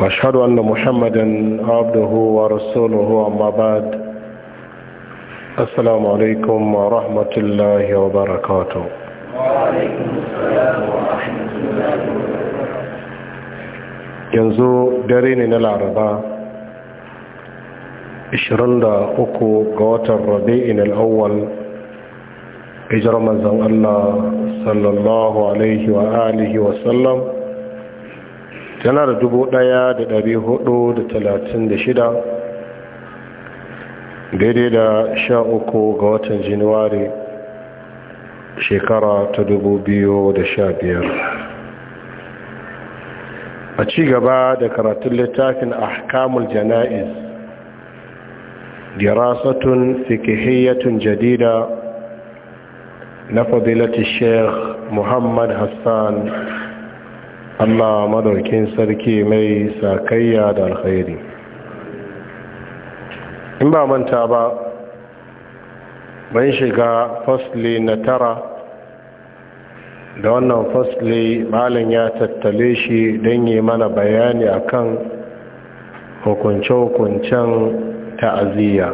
واشهد ان محمدا عبده ورسوله اما بعد السلام عليكم ورحمه الله وبركاته وعليكم السلام ورحمه دارين إلى العرباء أكو قوات الربيع الأول إجرم زن الله صلى الله عليه وآله وسلم tana da dubu ɗaya da ɗari hudu da talatin da shida daidai da sha uku ga watan januwari shekara ta dubu biyu da sha biyar a cigaba da karatun littafin ahkamul jana'iz dirasatun fikihiyyatun jadida na fabilati sheikh muhammad hassan Allah madaukin sarki mai sakayya da alkhairi in ba manta ba ban shiga fasli na tara da wannan fasli malin ya tattale shi don yi mana bayani akan hukunce-hukuncen ta'aziyya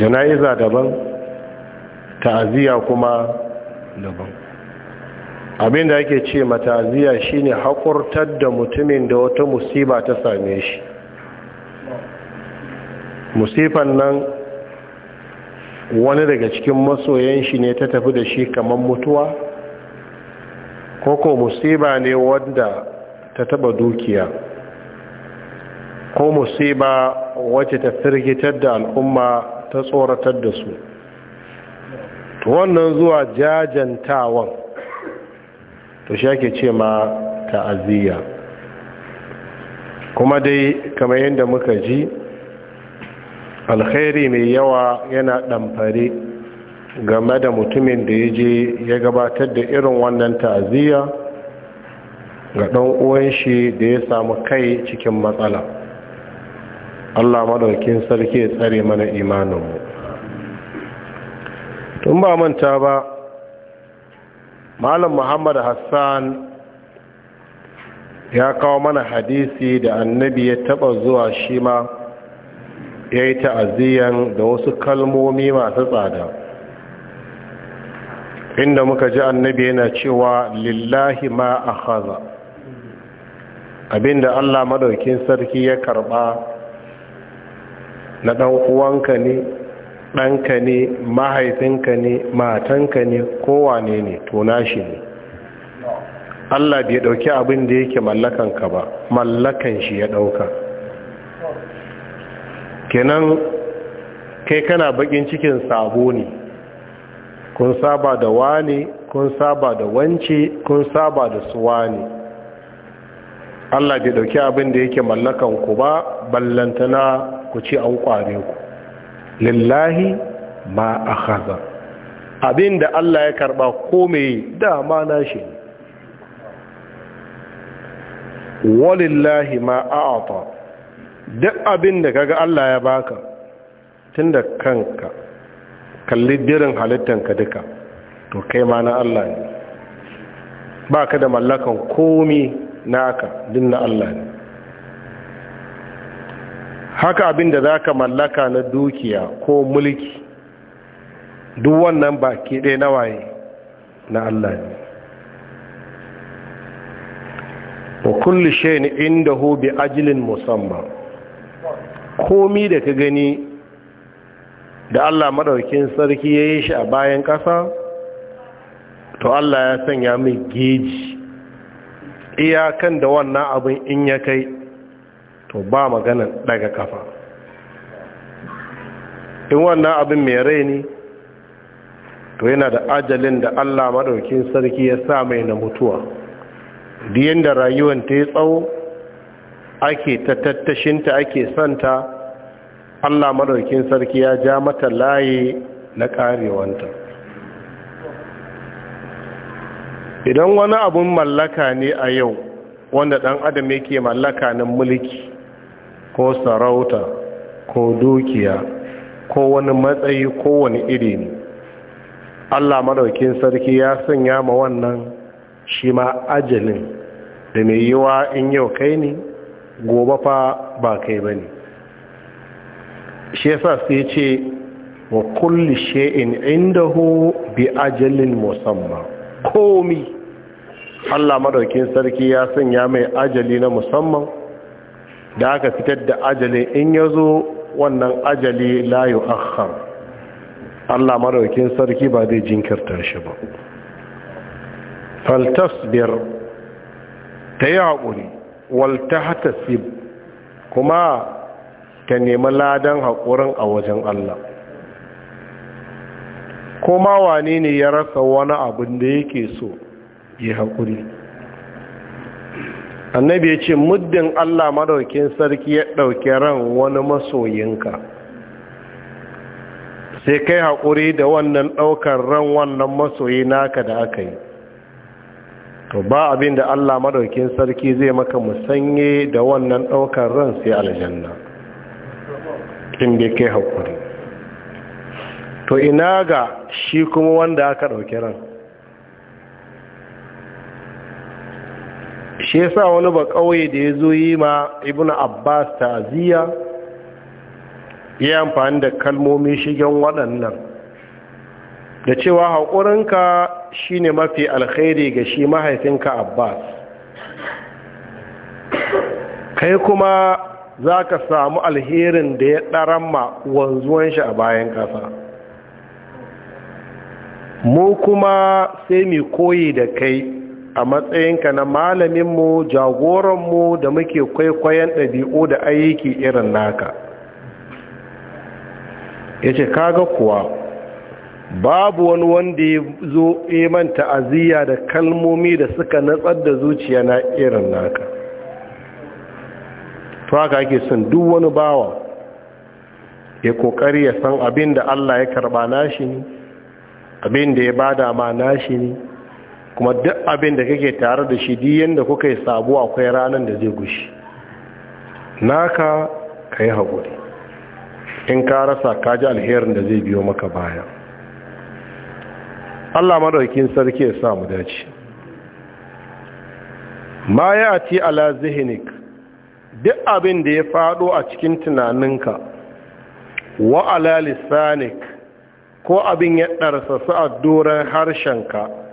jana'iza daban ta'aziyya kuma daban abin da ake ce mataziya shine haƙurtar da mutumin da wata musiba ta same shi musifan nan wani daga cikin masoyan shi ne ta tafi da shi kamar mutuwa koko musiba ne wanda ta taba dukiya ko musiba wacce ta firgitar da al'umma ta tsoratar da su wannan zuwa jajantawan to shi ake ce ma ta'aziyya kuma dai kamar yadda muka ji alkhairi mai yawa yana ɗamfari game da mutumin da ya je ya gabatar da irin wannan ta'aziyya ga ɗan uwan shi da ya samu kai cikin matsala Allah madaukin sarki ya tsare mana imanin mu. tun ba manta ba malam muhammad hassan ya kawo mana hadisi da annabi ya taba zuwa shi ma ya yi ta'aziyan da wasu kalmomi masu tsada inda muka ji annabi yana cewa lillahi ma a haza abinda allah madaukin sarki ya karba na ɗan uwanka ne ɗanka ne mahaifinka ne matanka ne kowane ne to nashi ne Allah bai ɗauki abin da yake mallakanka ba mallakan shi ya ɗauka kenan kai kana bakin cikin sabo ne kun saba da wani, kun saba da wance kun saba da suwa ne Allah bai ɗauki abin da yake mallakan ku ba ballantana ku ci an kware ku lillahi ma akhadha abin da Allah ya karba komai dama nashi walillahi ma a'ata duk abin da kaga Allah ya baka tunda kanka kalli dirin halittanka duka to kai ma na Allah ne baka da mallakan komai naka dinna Allah ne haka abin da za ka mallaka na dukiya ko mulki duk wannan ba ke ɗaya na waye na Allah ne wa kulli shayin inda hu bi ajilin musamman komi da ka gani da Allah maɗaukin sarki ya yi shi a bayan ƙasa to Allah ya sanya mai geji iyakan da wannan abin in ya kai to ba magana daga kafa in wannan abin mai rai ne to yana da ajalin da allah maɗaukin sarki ya sa mai na mutuwa diyan da rayuwan ta yi tsawo ake ta tattashinta ake santa allah maɗaukin sarki ya ja mata laye na ƙarewanta idan wani abun mallaka ne a yau wanda ɗan adam yake mallaka na mulki ko sarauta ko dukiya ko wani matsayi ko wani iri ne allah madaukin sarki ya sanya ma wannan shi ma ajalin da mai yiwa in yau kai ne gobe fa ba kai ba ne shi yasa yi ce wa kulli inda hu bi ajalin musamman komi Allah madaukin sarki ya sanya mai ajali na musamman da aka fitar da ajali in ya zo wannan ajali layu akhar allah maraukin sarki ba zai jinkirta shi ba faltasbir ta yi haƙuri walta hatasib kuma ta nemi ladan haƙurin a wajen allah kuma wane ne ya rasa wani abin da yake so yi haƙuri annabi ya ce muddin allah madaukin sarki ya ɗauki ran wani masoyinka sai kai haƙuri da wannan ɗaukar ran wannan masoyi naka da aka yi to ba abin da allah madaukin sarki zai maka musanye da wannan ɗaukar ran sai aljanna in bai kai haƙuri to ina ga shi kuma wanda aka ɗauki ran shi yasa wani ba kawai da ya zo yi ma ibn abbas ta'aziyya ya amfani da kalmomi shigen waɗannan da cewa haƙurinka shine mafi alkhairi ga shi mahaifinka abbas kai kuma za ka samu alherin da ya ɗaramma wanzuwan shi a bayan ƙasa mu kuma sai mai koyi da kai a matsayinka na malaminmu jagoranmu da muke kwaikwayon ɗabi'u da ayyuki irin naka ya ce kaga kuwa babu wani wanda ya zo iman ta'aziyya da kalmomi da suka natsar da zuciya na irin naka to haka ake son duk wani bawa ya kokari ya san abin da Allah ya karba nashi ne abin da ya bada ma nashi ne kuma duk abin da kake tare da shi di da kuka yi sabu akwai ranar da zai gushi naka ka yi haƙuri in ka rasa ka ji alherin da zai biyo maka baya allah madaukin sarki ya samu dace ma ya ci ala zihinik duk abin da ya faɗo a cikin tunaninka wa ala lissanik ko abin ya ɗarsa su a doron harshenka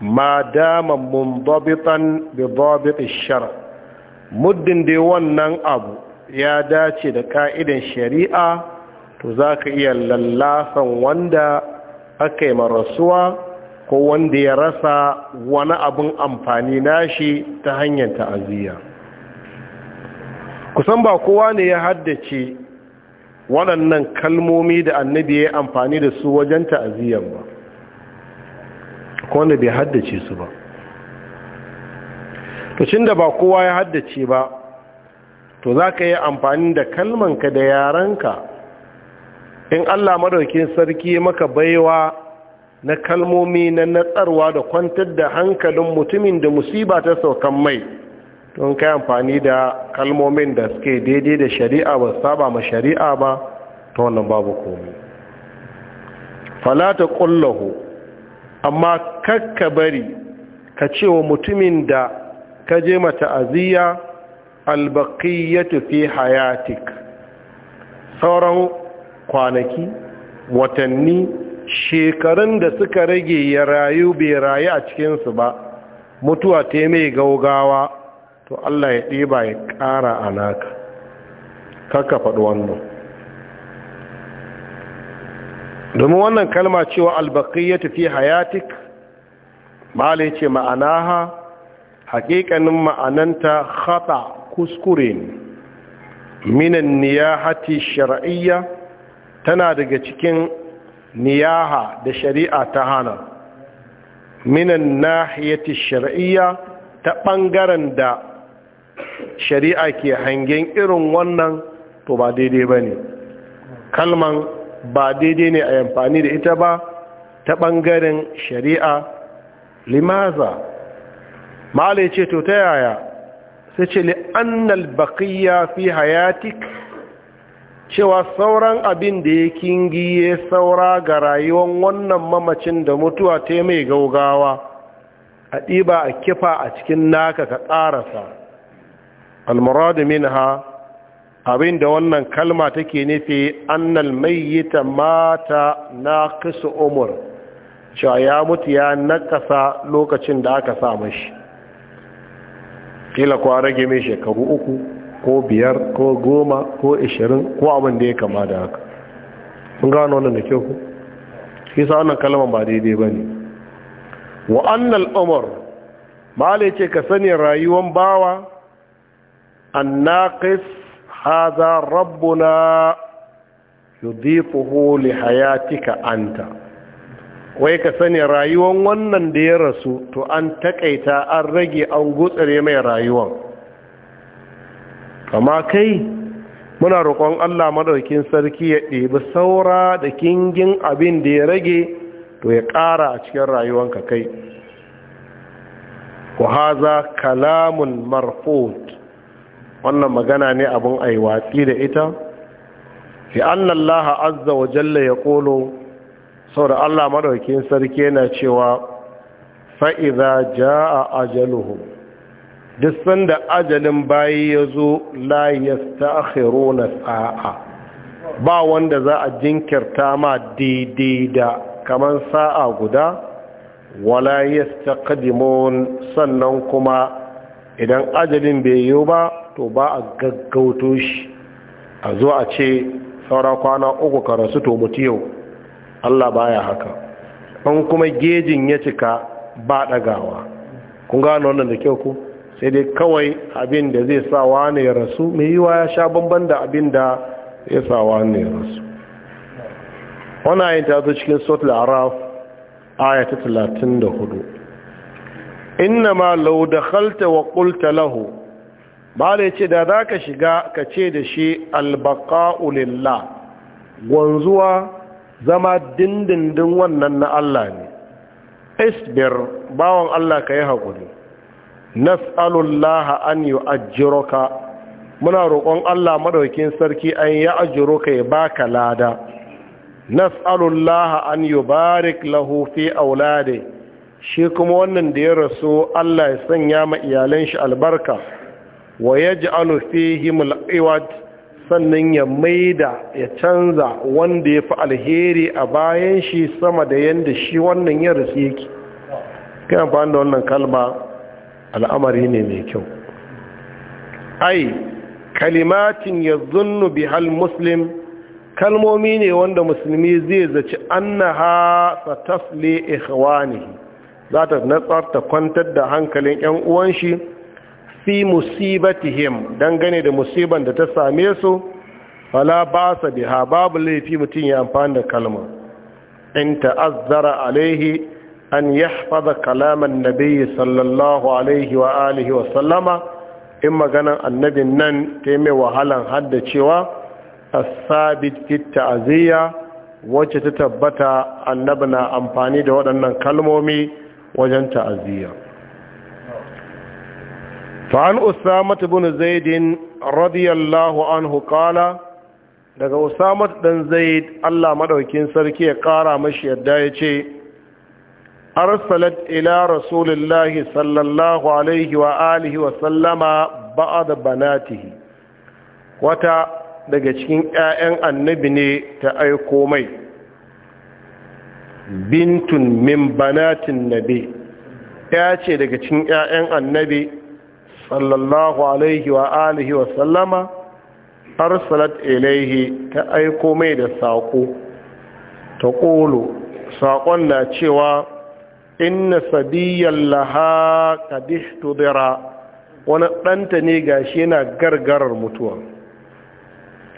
ma dama mundabitan bi shar muddin dai wannan abu ya dace da ka'idan shari'a to za ka iya lallasan wanda aka yi marasuwa ko wanda ya rasa wani abin amfani nashi ta hanyar ta'aziyya kusan ba kowa ne ya haddace waɗannan kalmomi da annabi ya amfani da su wajen ta'aziyyar ba Ko wanda bai haddace su ba to da ba kowa ya haddace ba to za ka yi amfani da kalman ka da yarenka in allah madaukin sarki maka baiwa na kalmomi na natsarwa da kwantar da hankalin mutumin da musiba ta saukan mai don kai amfani da kalmomin da suke daidai da shari'a ba saba ma shari'a ba ta wannan babu komi falata kullahu amma kakka bari ka ce wa mutumin da ka je aziya ya fi hayatik sauran kwanaki watanni shekarun da suka rage ya rayu bai rayu a cikinsu ba mutuwa ta yi mai gaugawa to Allah ya ɗiba ya ƙara a naka kakka faɗi wannan domin wannan kalma cewa ya tafi hayatik malai ce ma'anaha haƙiƙanin ma'ananta haɗa kuskure ne minan niyahati shar'iyya tana daga cikin niyaha da shari'a ta hana minan nahiyati shar'iyya ta ɓangaren da shari'a ke hangen irin wannan to ba daidai ba ne kalman ba daidai ne a amfani da ita ba ta ɓangaren shari'a limaza ma'ala ya ce to ta yaya sai ce li'annal baƙiya fi hayatik cewa sauran abin da ya kingiye saura ga rayuwar wannan mamacin da mutuwa ta mai gaugawa a ɗiba a kifa a cikin naka ka ƙarasa min ha. abin da wannan kalma take nufi annal mayyita mata na kisa umar cewa ya mutu ya nakasa lokacin da aka sa shi. kila kwa rage mai shekaru uku ko biyar ko goma ko ishirin ko abin da ya kama da haka sun gano wannan da kyau ku kisa wannan kalmar ba daidai ba ne wa annal umar ma ce ka sani rayuwan bawa naƙis haza rabbuna yudhifuhu li hayatika anta wai ka sani rayuwan wannan da ya rasu to an takaita an rage an gutsare mai rayuwan kama kai muna roƙon Allah madaukin sarki ya ɗebi saura da kingin abin da ya rage to ya ƙara a cikin ka kai wa haza kalamun marfut wannan magana ne abin a yi watsi da ita fi annan laha azza wa jalla ya kolo sau da allah maɗaukin sarki yana cewa fa'iza ja a ajaluhu duk sanda ajalin bayi ya zo layas ta akhiro na sa'a ba wanda za a jinkirta ma daidai da kamar sa'a guda wala ya sannan kuma idan ajalin bai yiwu ba to ba a gaggauto shi a zo a ce saura kwana uku ka rasu to mutu yau allah baya haka an kuma gejin ya cika ba ɗagawa kun gano wannan da kyau ku sai dai kawai abin da zai sa wani ya rasu mai yiwa ya sha bamban da abin da ya sa wani ya rasu wani ayin ta zo cikin sotul araf aya ta talatin da hudu Inna law dakhalta wa qulta lahu bala yace da zaka shiga ka ce da shi albaqa'u lillah gwanzuwa zama dindindin wannan na Allah ne isbir bawon Allah ka yi haƙuri nas'alullaha an yu'ajjiruka muna roƙon Allah maɗaukin sarki an ya ka ya baka lada nas'alullaha an yubarik lahu fi aulade shi kuma wannan da ya rasu Allah ya sanya ma iyalan shi albarka wa yaj'alu fihim al sannan ya maida ya canza wanda ya fi alheri a bayan shi sama da yanda shi wannan ya rasu yake kai amfani da wannan kalma al'amari ne mai kyau ai kalimatin yadhunnu bihal muslim kalmomi ne wanda musulmi zai zaci annaha satasli ikhwanihi za ta natsar ta kwantar da hankalin 'yan uwan shi fi musibatihim dangane da musiban da ta same su fala ba sa biha babu laifi mutum ya amfani da kalma in ta'azzara alaihi an yahfaza kalaman nabiyyi sallallahu alaihi wa alihi wa sallama in maganan annabin nan ta mai wahalan haddacewa cewa sabit fit ta'ziya wacce ta tabbata annabi na amfani da waɗannan kalmomi wajen ta'aziyya fa'an usamat bin zaid radiyallahu anhu kala daga usamat dan zaid allah madaukin sarki ya kara mashi yadda ya ce arsalat ila rasulillahi sallallahu alaihi wa alihi wa sallama ba'd banatihi wata daga cikin ƴaƴan annabi ne ta aiko mai bintun min banatin nabi ya ce daga cin 'ya'yan annabi sallallahu alaihi wa alihi wa sallama salat ilaihi ta aiko mai da saƙo ta ƙolo saƙon na cewa inna sabiyan laha kadishtu dira wani ɗanta ne gashi yana gargarar mutuwa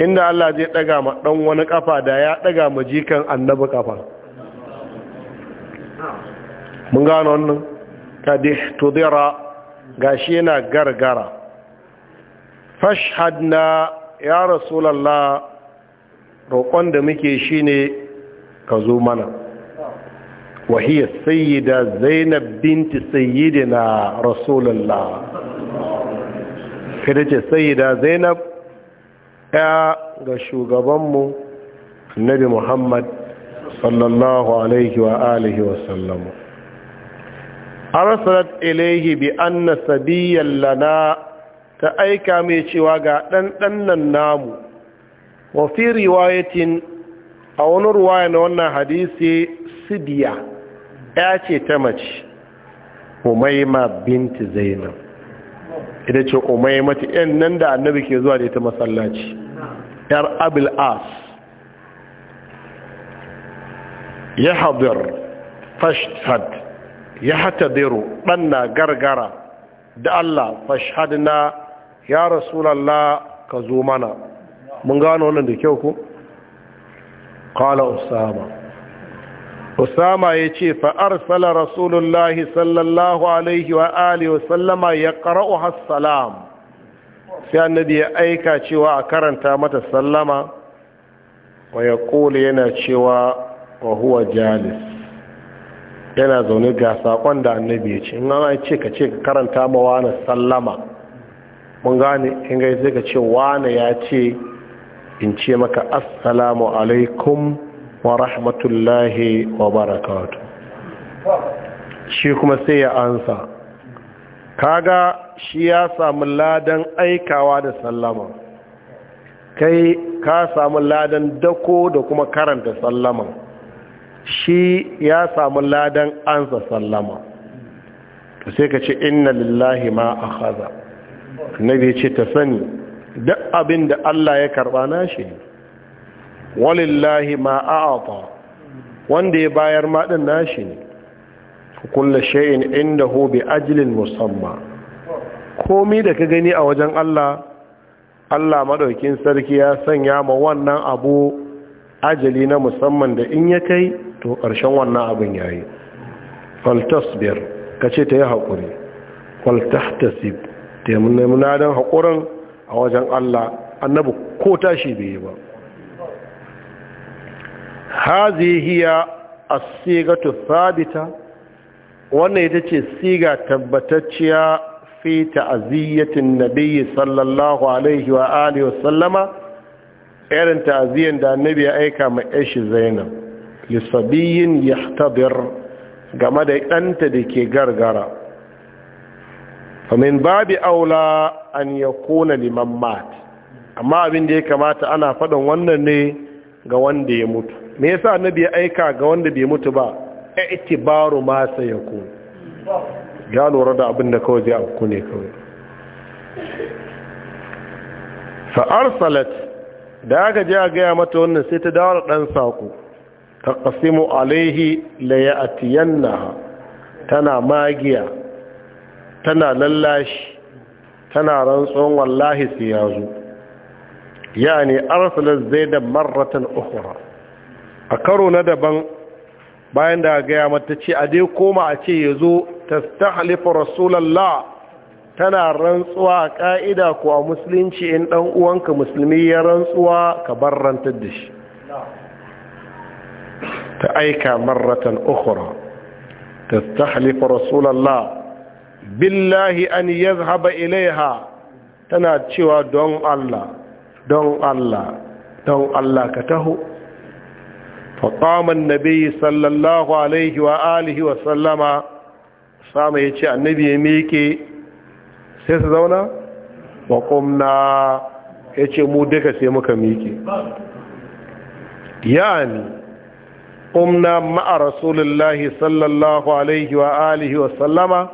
inda Allah zai ɗaga ma ɗan wani ƙafa da ya ɗaga ma jikan annabi ƙafa mun gano wannan kadih tudira gashi yana gargara fashhadna ya rasulallah roƙon da muke shine ka zo mana wahiyar sayyida zainab binti sayyidina rasulallah kada ce sayyida zainab ya ga shugabanmu annabi muhammad sallallahu alaihi wa alihi wasallam arsalat ilayhi bi anna sabiyyan lana ta aika mai cewa ga dan nan namu wa fi riwayatin a wani ruwaya na wannan hadisi sidiya ya ce ta mace umayma binti zainab ita ce umayma ta yan nan da annabi ke zuwa da ita masallaci yar abil as ya hadir fashtad ya hata biro ɗan na gargara da Allah na ya rasulallah ka zo mana mun gano wannan da kyau ku? kala usama usama ya ce fa'arsala rasulullahi sallallahu alaihi wa alihi wasallama ya ƙara'u hassalam sai annabi ya aika cewa a karanta mata sallama wa ya ƙole yana cewa wa huwa jalis yana zaune ga saƙon da annabi ya ce in an ce ka ce ka karanta ma wani sallama mun gane ingai zai ka ce wani ya ce in ce maka assalamu alaikum wa rahmatullahi wa barakatu shi kuma sai ya ansa kaga shi ya samu ladan aikawa da sallama kai ka samu ladan dako da kuma karanta sallaman shi ya samu ladan ansa sallama to sai ka ce inna lillahi ma akhadha nabi ce ta sani duk abin da Allah ya karba nashi walillahi ma a'ata wanda ya bayar ma din nashi ne kullu shay'in indahu bi ajlin musamma komai da ka gani a wajen Allah Allah madaukin sarki ya sanya ma wannan abu ajali na musamman da in ya kai to ƙarshen wannan abin ya yi faltasbir ka ce ta yi haƙuri faltastasib taimuna don haƙurin a wajen allah annabu ko tashi bai yi ba hazihiya a ta sabita wannan ita ce siga tabbatacciya fi ta'aziyyatin nabiyyi sallallahu alaihi wa alihi wasallama irin ta'aziyyan da annabi ya aika ma yashi zainab lissabiyin yahtabir game da ɗanta da ke gargara famin babi aula an ya kona liman mat amma abin da ya kamata ana faɗin wannan ne ga wanda ya mutu me yasa na biya aika ga wanda bai mutu ba i'tibaru ma sayakun ya lura da abin da kawai zai afku ne kawai fa arsalat da aka je a gaya mata wannan sai ta dawo da ɗan saƙo taqsimu alaihi la ya'tiyannaha tana magiya tana lallashi tana rantsuwan wallahi sai ya zo yani arsala zaidan marratan ukhra a karo na daban bayan da gaya mata ce a dai koma a ce ya zo tastahlifu rasulallah tana rantsuwa a ka'ida ko a musulunci in ɗan uwanka musulmi ya rantsuwa ka barrantar da shi ta aika marratan ukhra تستحلف رسول الله Billahi أن يذهب إليها tana cewa don Allah don Allah don Allah ka taho faƙaman nabi sallallahu alaihi wa alihi wa sallama sama ya ce annabi ya miƙe sai su zauna waƙumna ya ce mu duka sai muka meke yani umna ma'a rasulullahi sallallahu alaihi wa alihi wa sallama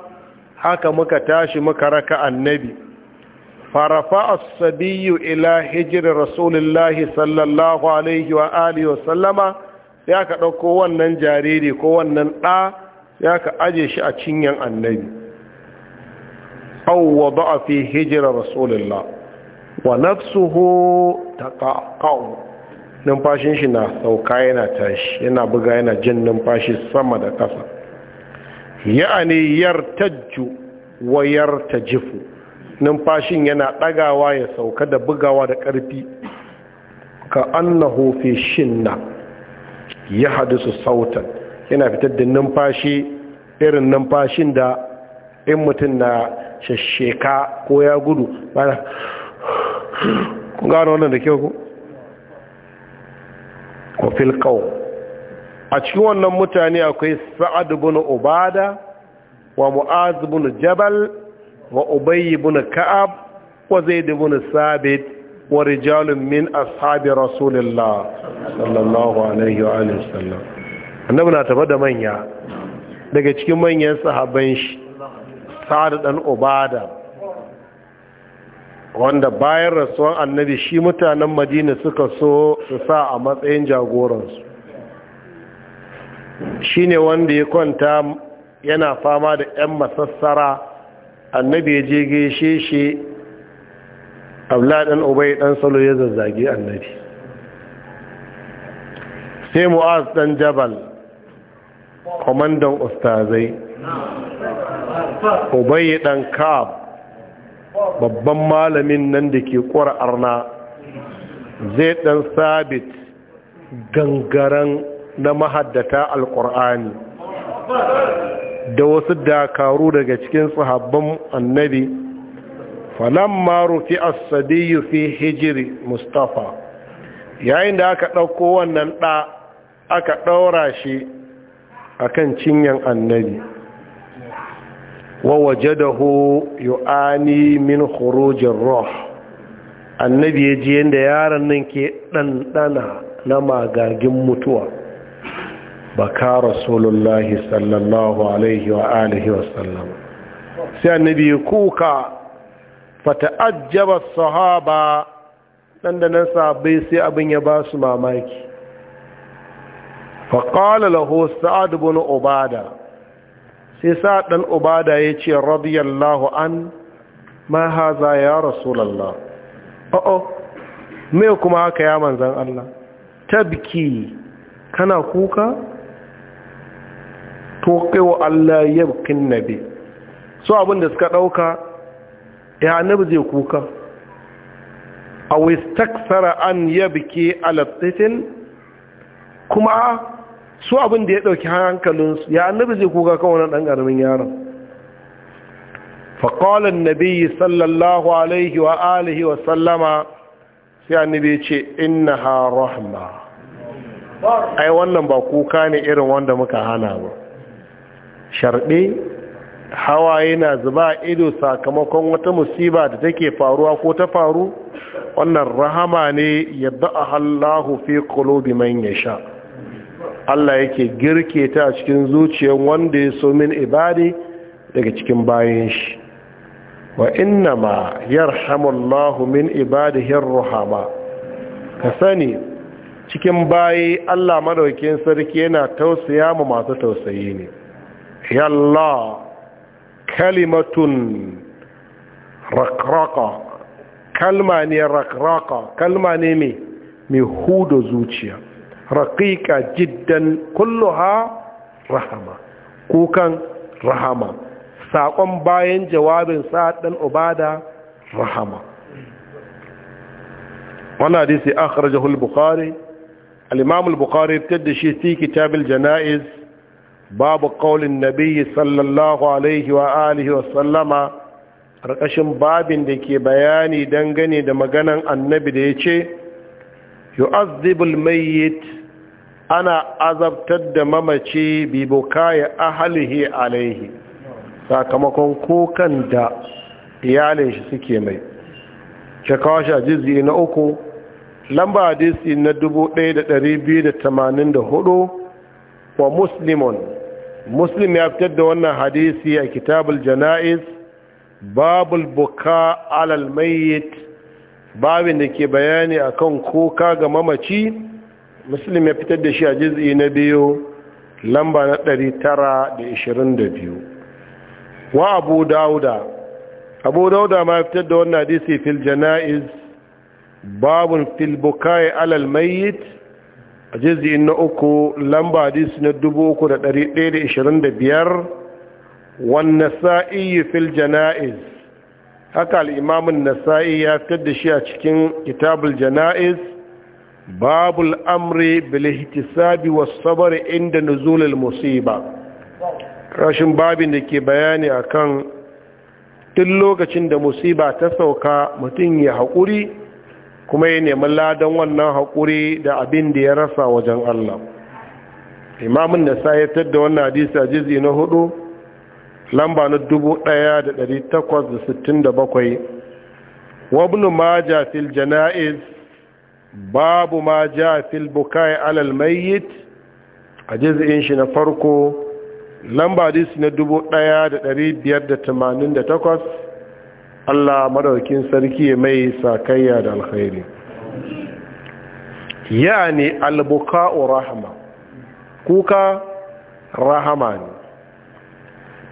haka muka tashi muka raka annabi farafa as ila hijri rasulillahi sallallahu alaihi wa alihi wa sallama sai aka dauko wannan jariri ko wannan da sai aka aje shi a cinyan annabi aw wada'a fi hijri rasulillah wa nafsuhu taqaqa'u numfashin shi na sauka yana tashi yana buga yana jin numfashi sama da ƙasa ya'ani yartajju wa yartajifu numfashin yana ɗagawa ya sauka da bugawa da ƙarfi ka annahu fi shinna ya hadisu sautan yana fitar da numfashi irin numfashin da in mutum na shasheka ko ya gudu ba na gano wannan da kyau wa fil a cikin wannan mutane akwai sa'ad bin ubada wa mu'az bin jabal wa ubay bin ka'ab wa zaid bin sabit wa rijalun min ashabi rasulillah sallallahu alaihi wa alihi wasallam annabi na tafa da manya daga cikin manyan sahabban shi sa'ad dan ubada wanda bayan rasuwan annabi shi mutanen madina suka so su sa a matsayin jagoransu shi ne wanda ya kwanta yana fama da 'yan masassara annabi ya je gaishe shi abladin obai dan salo ya zazzage annabi sai mu'az dan jabal kwamandan ustazai obai dan kab babban malamin nan da ke ƙwar'ar na zai ɗan sabit gangaren na mahaddata alƙur'ani da wasu dakaru daga cikin sahabban annabi falon rufi as-sadiyyu fi hijri mustapha yayin da aka ɗauko wannan ɗa aka ɗaura shi a kan cinyan annabi wa wajadahu yu'ani min khurujir ruh annabi ya ji yanda yaron nan ke ɗanɗana na magagin mutuwa baka rasulullahi sallallahu alaihi wa alihi wa sallam sai annabi kuka fata'ajjaba sahaba dan da nan sahabbai sai abin ya ba su mamaki faƙala lahu sa'ad bin Obada. sai sa ɗan ubada ya ce radiyallahu an ma haza ya rasulallah o'o oh, oh, me kuma haka ya manzan Allah tabki kana kuka to kaiwa Allah yabkin nabi so abinda suka ɗauka ya annabi zai kuka a wistaksara an yabki alattifin kuma su abin da ya ɗauki hankalinsu ya annabi zai kuka kan wani ɗan ƙaramin yaron faƙalar nabi sallallahu alaihi wa alihi wa sallama sai annabi ce inna ha rahma ai wannan ba kuka ne irin wanda muka hana ba sharɗe hawa yana zuba ido sakamakon wata musiba da take faruwa ko ta faru wannan rahama ne yadda a hallahu fi kulobi man ya sha Allah yake girke ta a cikin zuciyar wanda ya so min ibadi daga cikin bayan shi wa inna ma yarhamullahu min ibadihi ruhama ka sani cikin bayi Allah madaukakin sarki yana tausaya mu masu tausayi ne yalla kalimatun rakraka kalma ne rakraka kalma ne mai hudo zuciya raƙiƙa jiddan kulluha rahama kukan rahama saƙon bayan jawabin ɗan ubada rahama wani hadisi Akhar kharajahu al-bukhari al-imam al da shi fi kitab janaiz babu qaulin nabiyyi sallallahu alaihi wa alihi wa sallama ƙarƙashin babin da ke bayani dangane da maganan annabi da ya ce yu'azzibul mayyit ana azabtar da mamaci bi bukaya ahlihi alaihi sakamakon kokan da iyalin shi suke mai shakawasha jizgi na uku lamba hadisi na 1284 wa muslimun muslim ya fitar da wannan hadisi a kitabul jana'iz babul buka alal mayyit babin da ke bayani akan koka ga mamaci muslim ya fitar da shi a jiz'i na biyu lamba na 922 wa abu dauda abu dauda ma fitar da wannan hadisi fil jana'iz babun fil bukai alal mayyit a jiz'i na uku lamba hadisi na 3125 wannan sa'i fil jana'iz haka al'imamun nasa'i ya fitar da shi a cikin kitabul jana'iz babul amri bilihtisabi wa sabar inda nuzulul musiba rashin babin da ke bayani akan tun lokacin da musiba ta sauka mutum ya haƙuri kuma ya nemi ladan wannan haƙuri da abin da ya rasa wajen Allah imamun nasa'i ya fitar da wannan hadisi jizi na hudu lamba na 1867 wabnu ja fil jana'iz babu ja fil bukai alal mayit a jiz'in shi na farko lamba disi na 1588 Allah madaukin sarki mai sakayya da alkhairi yani albuka'u rahama kuka rahama ne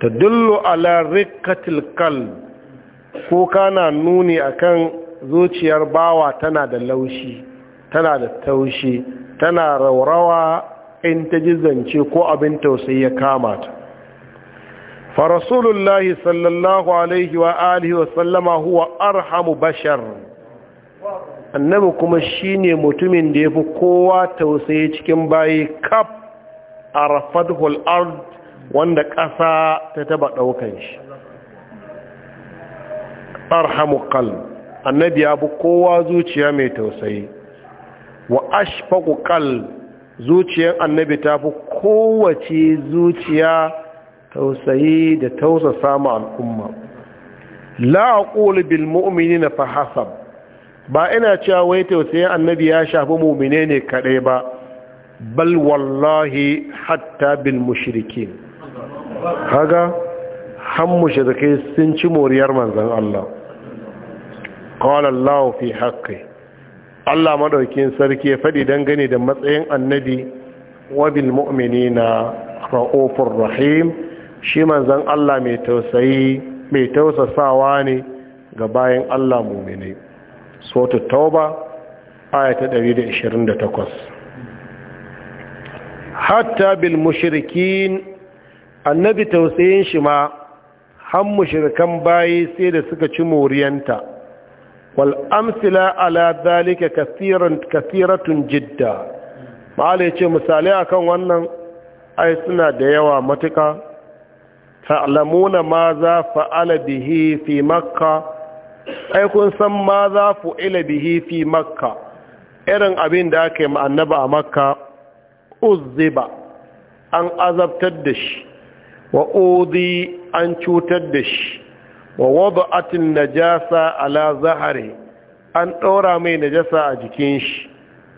tadullu ala riqqatil kal ko kana nuni akan zuciyar bawa tana da laushi tana da taushi tana raurawa in ta ji zance ko abin tausayi ya kama ta fa rasulullahi sallallahu alaihi wa alihi wa sallama huwa arhamu bashar annabi kuma shine mutumin da yafi kowa tausayi cikin bayi kaf arfadhul ard wanda ƙasa ta taba ɗaukan shi arhamukal annabi ya bi kowa zuciya mai tausayi wa ashfaqu zuciyar annabi ta fi kowace zuciya tausayi da tausasa ma al'umma la aqulu bil mu'minina ba ina cewa wai tausayin annabi ya shafi mu'mine ne kaɗai ba bal wallahi hatta bil mushrikin kaga han mushrike sun ci moriyar manzon Allah qala Allah fi haqqi Allah madaukin sarki ya fadi dangane da matsayin annabi wa bil mu'minina ra'ufur rahim shi manzon Allah mai tausayi mai tausasawa ne ga bayan Allah mu'minai sura tauba aya ta 128 hatta bil mushrikin annabi tausayin shi ma han mushrikan bayi sai da suka ci moriyanta wal amsila ala zalika kathiran kathiratun jidda ma'ala misali misalai akan wannan ai suna da yawa matuka ta'lamuna ma za fa'ala bihi fi makka ai kun san ma za fu'ila bihi fi makka irin abin da aka yi annabi a makka uzziba an azabtar da shi wa an cutar da shi wa wada'atin najasa ala zahari an ɗora mai najasa a jikin shi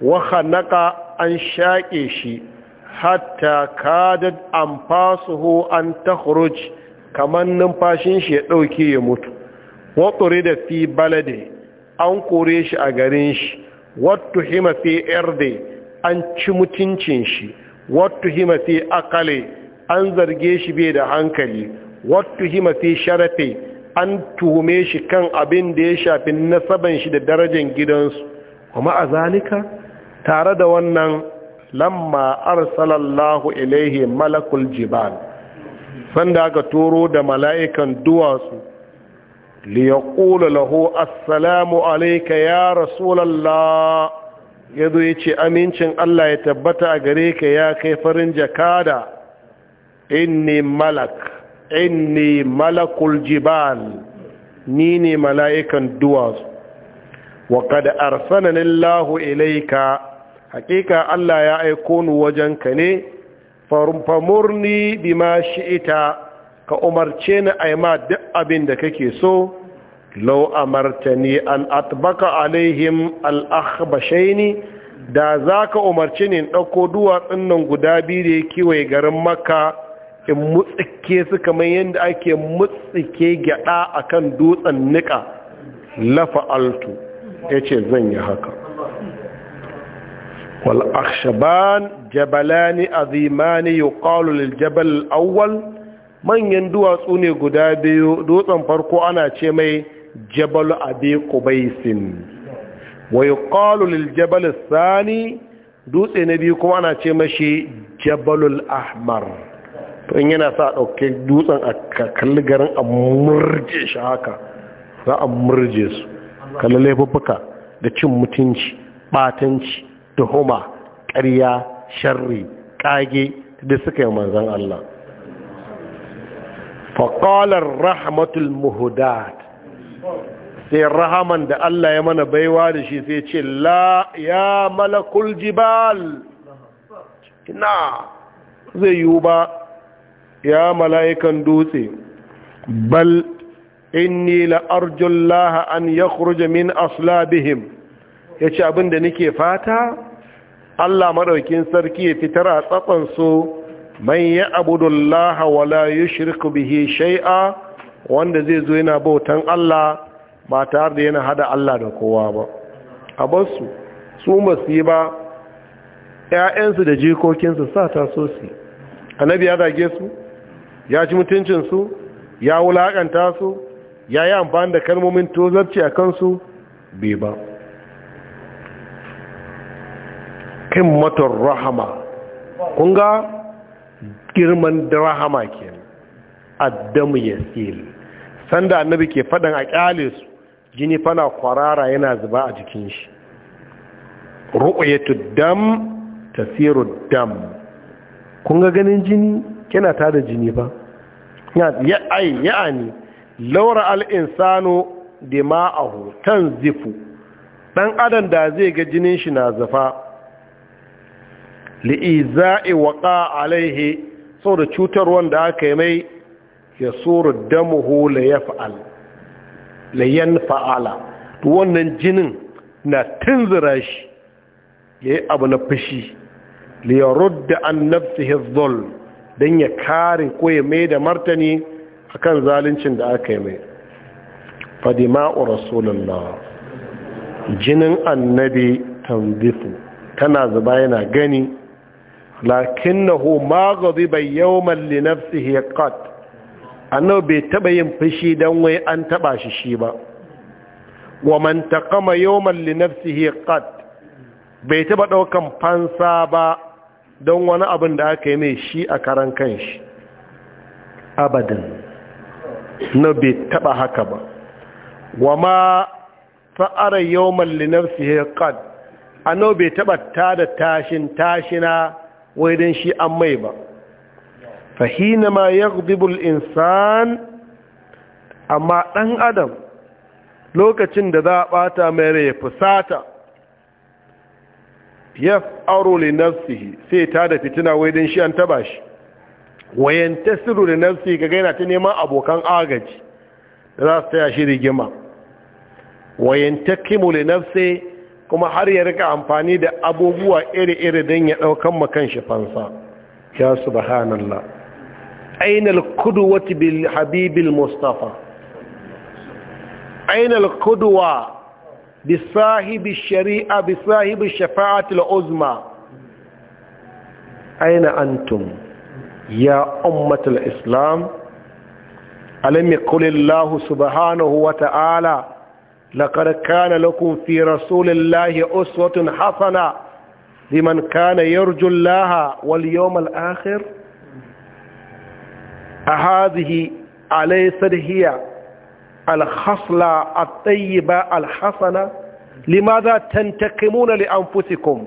wa khanaka an shaƙe shi hatta kadad an fasuhu an takhruj kamar numfashin shi ya ɗauke ya mutu wa da fi balade an kore shi a garin shi wattu hima fi erde an ci mutuncin shi wattu hima fi akale an zarge shi bai da hankali wattu hima fi sharafe an tuhume shi kan abin da ya shafi nasaban shi da darajar gidansu kuma a zalika tare da wannan lamma arsalallahu ilaihi malakul jibal sanda aka turo da mala'ikan duwatsu liyaqulu lahu assalamu alayka ya rasulallah ya zo ya ce amincin Allah ya tabbata a gare ka ya kai farin jakada inni malak inni malakul jibal ni ne mala'ikan duwatsu wa kada arsanan Lahu ilaika hakika Allah ya aiko ni wajen ka ne farfamurni bima shi'ita ka umarce ni ma duk abin da kake so lau amartani an atbaka alaihim al'akhbashaini da za ka umarci ne ɗauko duwatsun nan guda biyu da ya kewaye garin maka in mutsike su kamar yadda ake mutsike gyada a kan dutsen nika lafa altu ya ce zan yi haka wal'akshaban jabalani azimani yau ƙalulil jabal awwal manyan duwatsu ne guda biyu dutsen farko ana ce mai jabalu abi qubaisin wa Sani dutse na biyu kuma ana ce mashi jabalul ahmar to in yana sa ɗauke dutsen a kalli garin a murje shi haka za a murje su da cin mutunci ɓatanci, tuhuma ƙarya sharri ƙage da suka yi manzan Allah faƙalar rahmatul muhudat sai rahaman da Allah ya mana baiwa da shi sai ce la ya malakul jibal na zai yiwu ba ya mala'ikan dutse bal inni la'arjullaha an ya min aslabihim ya ce abinda nake fata Allah maɗaukin sarki ya fitar a tsatsansu man ya abudullaha wala yushriku bihi shai'a wanda zai zo yana bautan Allah ba tare da yana hada Allah da kowa ba a basu su masu yi ba ‘ya'yansu da jikokinsu sa ta so su annabi ya dage su ya ci mutuncinsu ya wulaƙanta su ya yi amfani da kalmomin tozarci a kansu bai ba kimmatar rahama kunga girman rahama ke addamu ya sanda annabi ke faɗan a ƙyale su jini fana kwarara yana zuba a jikin shi ru'yatu dam tasiru dam kun ga ganin jini kina tada jini ba ya ai ya'ani laura al-insanu dima'ahu tanzifu dan adam da zai ga jinin shi na zafa li'iza'i waqa alaihi saboda cutar wanda aka yi mai yasuru damuhu la yaf'al layyan fa'ala wannan jinin na tunzura shi yayi abu na fushi li da an nafsihi hezbollah dan ya kare ko ya mai da martani akan zaluncin da aka yi mai fadima'u rasulullah jinin annabi tambifu tana zuba yana gani lakinnahu ma ghadiba yawman li nafsihi qat annabi bai taba yin fushi dan wai an taba shi shi ba wa man taqama yawman li nafsihi qad bai taba daukan fansa ba don wani abin da aka yi mai shi a karan kanshi abadan na bai taba haka ba wa ma fa'ara yawman li nafsihi qad annabi bai taba tada tashin tashina wai dan shi an mai ba fahina ma ya insan amma ɗan adam lokacin da za a ɓata mai rai fusata ya aro li nafsihi sai ta da fitina wai don shi an taba shi wayan tasiru li nafsihi ga gaina ta neman abokan agaji da za su taya shi rigima wayan takimu li nafsi kuma har ya rika amfani da abubuwa iri-iri don ya ɗaukan makan shi fansa ya subhanallah أين القدوة بالحبيب المصطفى أين القدوة بصاحب الشريعة بصاحب الشفاعة العظمى أين أنتم يا أمة الإسلام ألم يقل الله سبحانه وتعالى لقد كان لكم في رسول الله أسوة حسنة لمن كان يرجو الله واليوم الآخر هذه أليست هي الخصلة الطيبة الحسنة لماذا تنتقمون لأنفسكم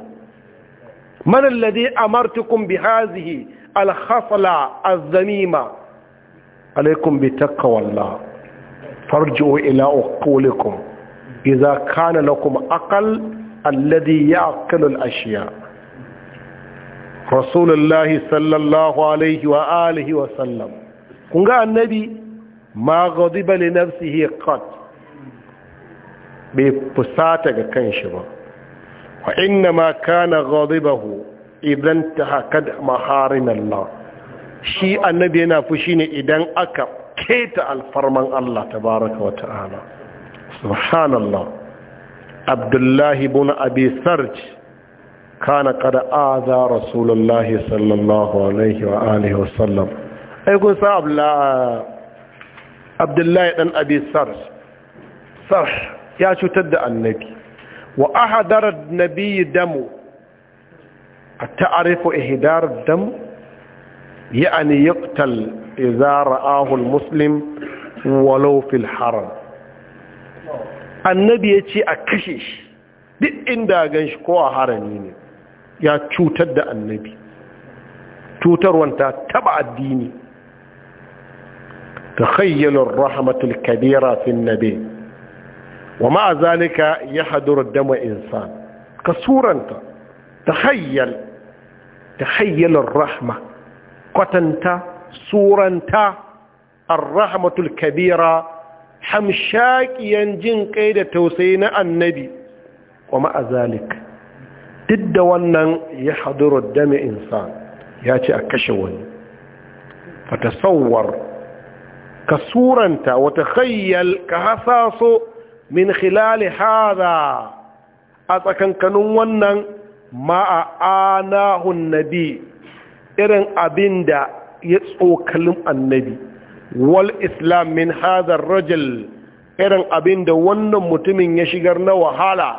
من الذي أمرتكم بهذه الخصلة الذميمة عليكم بتقوى الله فارجعوا إلى أقولكم إذا كان لكم أقل الذي يعقل الأشياء رسول الله صلى الله عليه وآله وسلم kun ga annabi ma ghadiba li nafsihi qat bai fusata ga kanshi ba wa inna ma kana ghadibahu idan tahakad maharin Allah shi annabi yana fushi ne idan aka keta alfarman Allah tabaraka wa ta'ala subhanallah abdullahi ibn abi sarj kana qad aza rasulullahi sallallahu alaihi wa alihi wa sallam Aikun kun sa ah, abdullahi dan abi sar ya cutar da annabi wa ahadara nabi damu a ta'arifu ihidar dam ya'ani yaqtal idza ra'ahu al-muslim walau fil haram annabi ya ce a kashe shi duk inda gan shi ko a harami ne ya cutar da annabi cutarwanta taba addini تخيل الرحمة الكبيرة في النبي ومع ذلك يحضر الدم إنسان كصورة تخيل تخيل الرحمة قتنت صورة الرحمة الكبيرة حمشاك ينجن قيد توسين النبي ومع ذلك ضد يحضر الدم إنسان ياتي insan فتصور ka suranta wata khayyal ka hasaso min khilali hada a tsakankanin wannan ma'anahun nabi irin abin da ya tsokalin annabi wal islam min hadar rajul irin abin da wannan mutumin ya shigar na wahala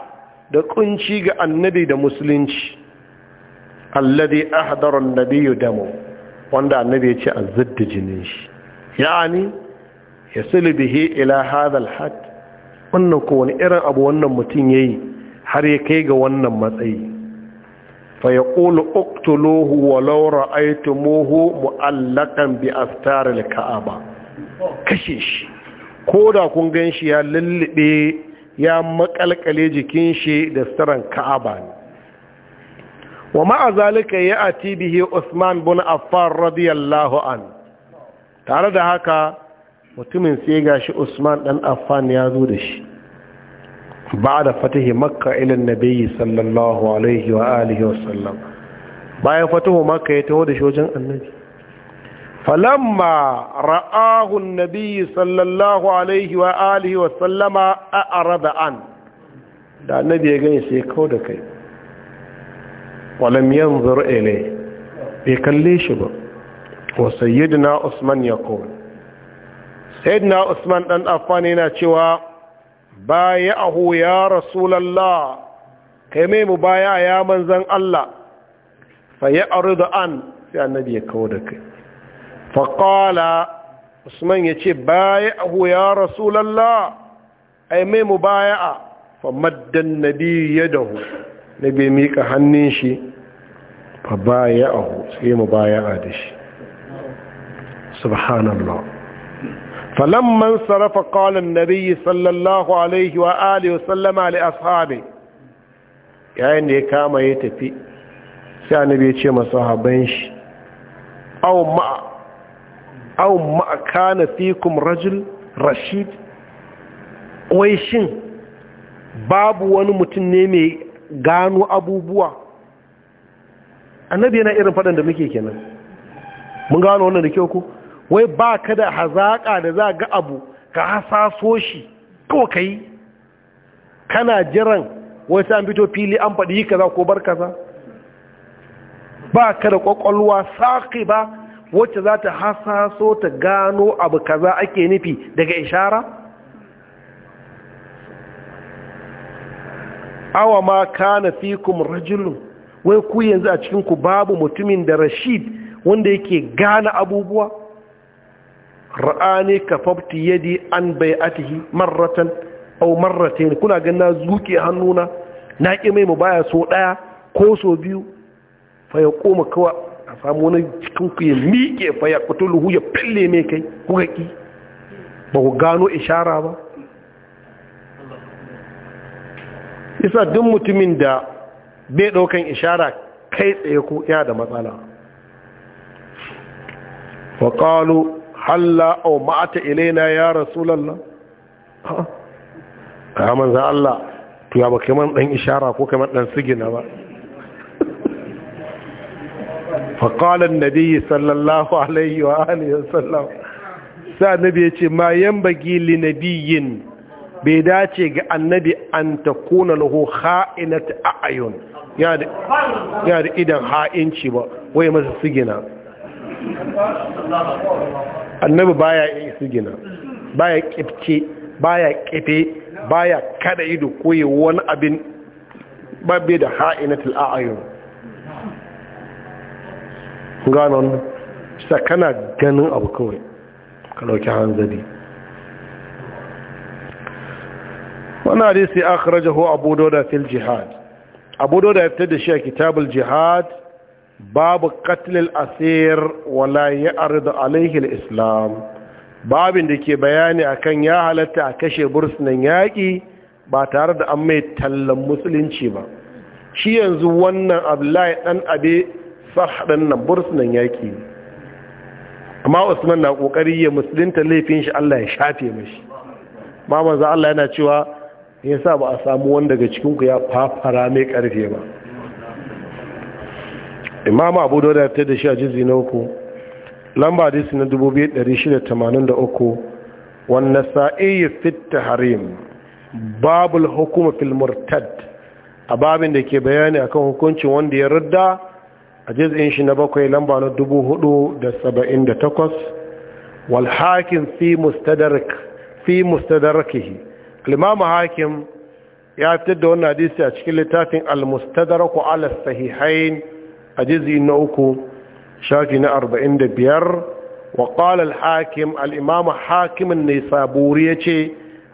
da kunci ga annabi da musulunci alladhi ahdara an-nabiyyu damu wanda annabi ya ce azzadda jinin shi yani ya bihi ila Hadal Hat. wannan ko wani irin abu wannan mutum yayi har ya kai ga wannan matsayi fa uktuluhu wa walau ra'aytumuhu mu'allaqan bi astar Ka'aba. kashe shi koda kun ganshi ya lullube ya makalkale jikin shi da staran ka'aba ne wa ma'a zalika ati bihi Usman bin Affan radiyallahu anhu tare da haka mutumin sai ga shi usman dan affan ya zo da shi ba da fatahi makka ilin nabi sallallahu alaihi wa alihi wa sallam bayan fatahu makka ya taho da shi wajen annabi falamma ra'ahu annabi sallallahu alaihi wa alihi wa sallama a'rada an da annabi ya gani sai kau da kai walam yanzur ilai bai kalle shi ba wa sayyidina usman ya kowa sayyidina usman ɗan afani yana cewa baya ahu ya rasulallah kai mai mu baya ya manzan Allah fa ya da an sai annabi ya kawo da kai faƙala usman ya ce baya ahu ya rasulallah ai mai mu baya a fa maddan nabi ya dahu nabi miƙa hannun shi fa baya ahu sai mu baya a da shi subhanallah sarafa sarrafa kalan nabi sallallahu alaihi wa alihi wasallama li ashabi yayin da ya kama ya tafi sai annabi ya ce masu haban shi aw ma aw ma kana fikum rajul rashid wai shin babu wani mutum ne mai gano abubuwa annabi yana irin faɗan da muke kenan mun gano wannan da kyau ko. wai ba ka da hazaƙa da za ga abu ka hasaso shi ko ka yi kana jiran wai sa an fito fili an faɗi yi kaza ko bar kaza ba ka da ƙwaƙwalwa saƙi ba wacce za ta hasaso ta gano abu kaza ake nufi daga ishara awa ma kana fikum rajulun wai ku yanzu a cikinku babu mutumin da rashid wanda yake gane abubuwa ra'ani kafafti yadi an bai'atihi marratan aw marratayn kuna ganna na zuke hannuna na ki mai baya so daya ko so biyu fa ya koma kawa a samu wani cikin ku ya miƙe fa ya ya fille mai kai kuka ki ba ku gano ishara ba isa duk mutumin da bai daukan ishara kai tsaye ko ya da matsala wa qalu halla au ma'ata ilaina ya rasulallah ha manzo Allah to ya ba kaman dan ishara ko kaman dan sigina ba fa qala an-nabi sallallahu alaihi wa alihi wasallam sa nabi yace ma yanbagi li nabiyyin bai dace ga annabi an ta kuna lahu kha'inat a'yun ya da idan ha'inci ba wai masa sigina annabi baya isgina baya kifce baya kife baya kada ido koyi wani abin babbe da ha'inatul a'ayun ganon sa kana ganin abu kawai ka dauki hanzari wani hadisi akhrajahu abu dawud fil jihad abu dawud ya fitar da shi a kitabul jihad babu katlil asir wala ya arda alaihi islam babin da ke bayani akan ya halatta a kashe bursunan yaƙi ba tare da an mai tallan musulunci ba shi yanzu wannan abdullahi ɗan abe sahadan nan bursunan yaƙi amma usman na kokari ya musulunta laifin shi allah ya shafe mashi ma manzo allah yana cewa ya sa ba a samu wanda daga cikinku ya fafara mai karfe ba imam abu dauda ta da shi a jizi na uku lamba hadisi na 2683 wannan sa'ayi fitta harim babul hukuma fil murtad a babin da ke bayani akan hukuncin wanda ya radda a jizin shi na bakwai lamba na 478 wal hakim fi mustadrak fi mustadrakihi al-imam hakim ya fitar da wannan hadisi a cikin littafin al mustadarku ala sahihain a na uku shafi na arba'in da biyar wa ƙalal hakim al'imamu hakimin ne saburi ya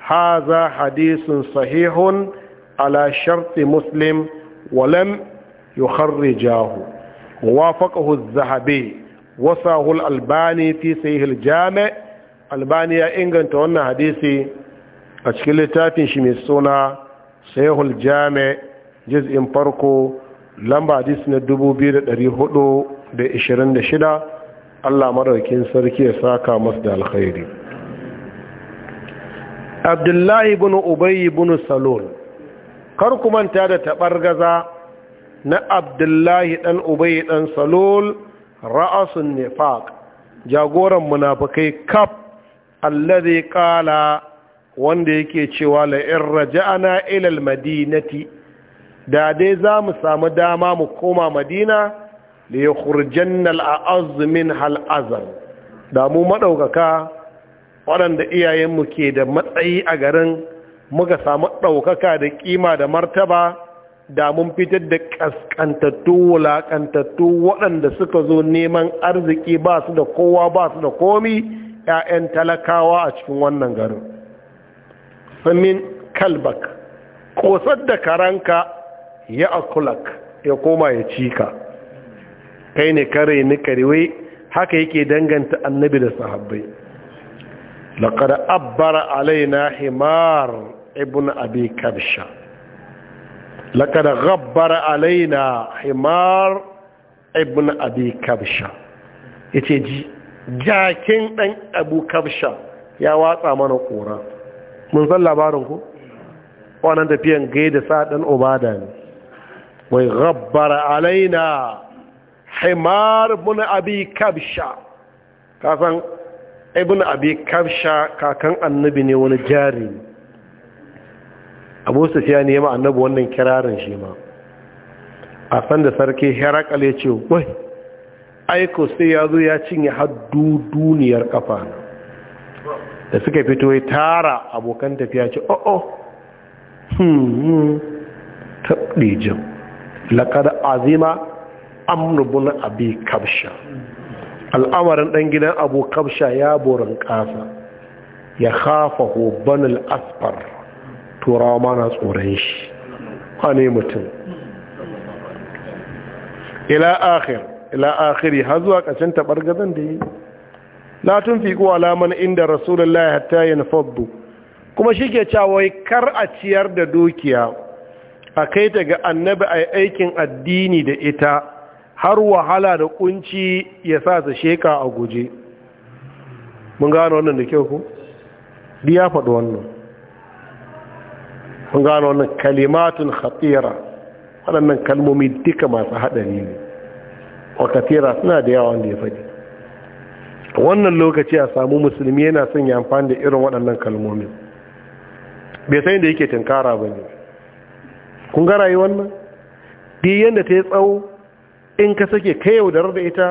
haza hadisun sahihun ala sharti muslim walam yukharrijahu wafaqahu az-zahabi wasahu al-albani fi sahih al-jami' albani ya inganta wannan hadisi a cikin littafin shi mai suna sahih al-jami' juz'in farko lamba hadis na 2426 Allah maraukin sarki ya saka masu da alkhairi abdullahi ibn ubayy ibn salul kar ku manta da tabargaza na abdullahi dan ubayy dan salul ra'asun nifaq jagoran munafukai kaf alladhi qala wanda yake cewa la in raja'ana ila almadinati da dai za mu samu dama mu koma madina da ya kurjan al'azumin hal'azar da mu maɗaukaka waɗanda iyayenmu ke da matsayi a garin muka samu ɗaukaka da ƙima da martaba da mun fitar da ƙasƙantattu wulaƙantattu waɗanda suka zo neman arziki ba su da kowa ba su da komi ‘ya'yan talakawa a cikin wannan garin. Samin kalbak, ƙosar da karanka ya akulak ya koma ya cika kai ne kare ni karewe haka yake danganta annabi da sahabbai laqad abbara alaina himar ibn abi kabsha laqad ghabbara alaina himar ibn abi kabsha yace ji jakin dan abu kabsha ya watsa mana kora mun san labarin ku wannan tafiyan gaida sa dan obada ne wai rabbar alaina himar bin abi kabsha kasan ibn abi kabsha kakan annabi ne wani jari abu sufiya ne ma annabi wannan kirarin shi ma a san da sarki herakal ya ce wai aiko sai ya zo ya cinye haddu duniyar kafa na da suka fito ya tara abokan tafiya ce o'o hmm taɓe jam laƙar azima amnubun abi kabsha al'amarin ɗan gidan abu kabsha ya borin ƙasa ya hafa hoban asfar turawa mana tsoron shi wane mutum ila akhiri har zuwa ƙashin gazan da yi latin fi kuwa alaman inda rasulullahi hatta yin kuma shi ke cawai kar a ciyar da dukiya a kai ta ga annabi a aikin addini da ita har wahala da kunci ya sa su sheka a guje mun gano wannan da kyau ku? ya faɗi wannan mun gano wannan kalimatun khatira waɗannan kalmomi duka masu haɗari ne a khatira suna da yawa da ya faɗi wannan lokaci a samu musulmi yana son yi amfani da irin waɗannan kalmomi bai san da yake tunkara ba ne kun ga rayuwar nan duk yadda ta yi tsawo in ka sake kai yaudarar da ita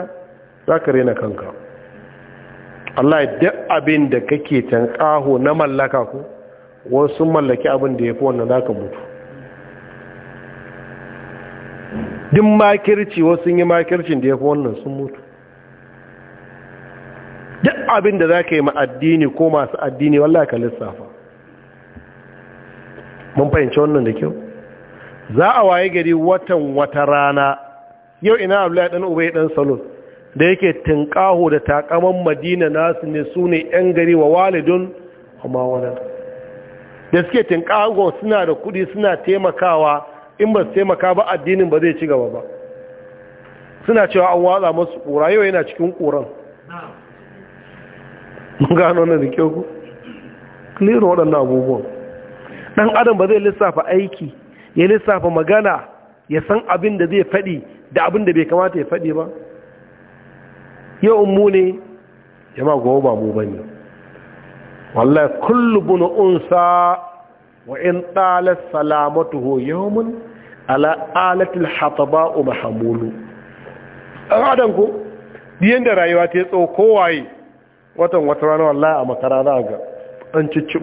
za ka rena kanka Allah ya duk abin da kake tankaho na mallaka ku wasu mallaki abin da ya fi wannan za ka mutu din makirci wasu yi makircin da ya fi wannan sun mutu duk abin da za ka yi ma'addini ko masu addini wallaka lissafa mun fahimci wannan da kyau za a waye gari watan wata rana yau ina abulai dan ubay dan salon da yake tinkaho da takaman madina nasu ne su ne yan gari wa walidun kuma walad da suke tinkaho suna da kudi suna taimakawa in ba su taimaka ba addinin ba zai ci gaba ba suna cewa an watsa masu kura yau yana cikin kuran mun gano na da ku clear waɗannan abubuwan Dan adam ba zai lissafa aiki ya lissafa magana ya san abin da zai faɗi da abin da bai kamata ya faɗi ba yau mu ne ma gobe ba mu bane wallahi kullu bunu unsa wa in talat salamatuhu yawmun ala ba alhataba'u mahmulu adam ku biyan da rayuwa ta tso kowaye watan wata rana wallahi a makara za ga an cicci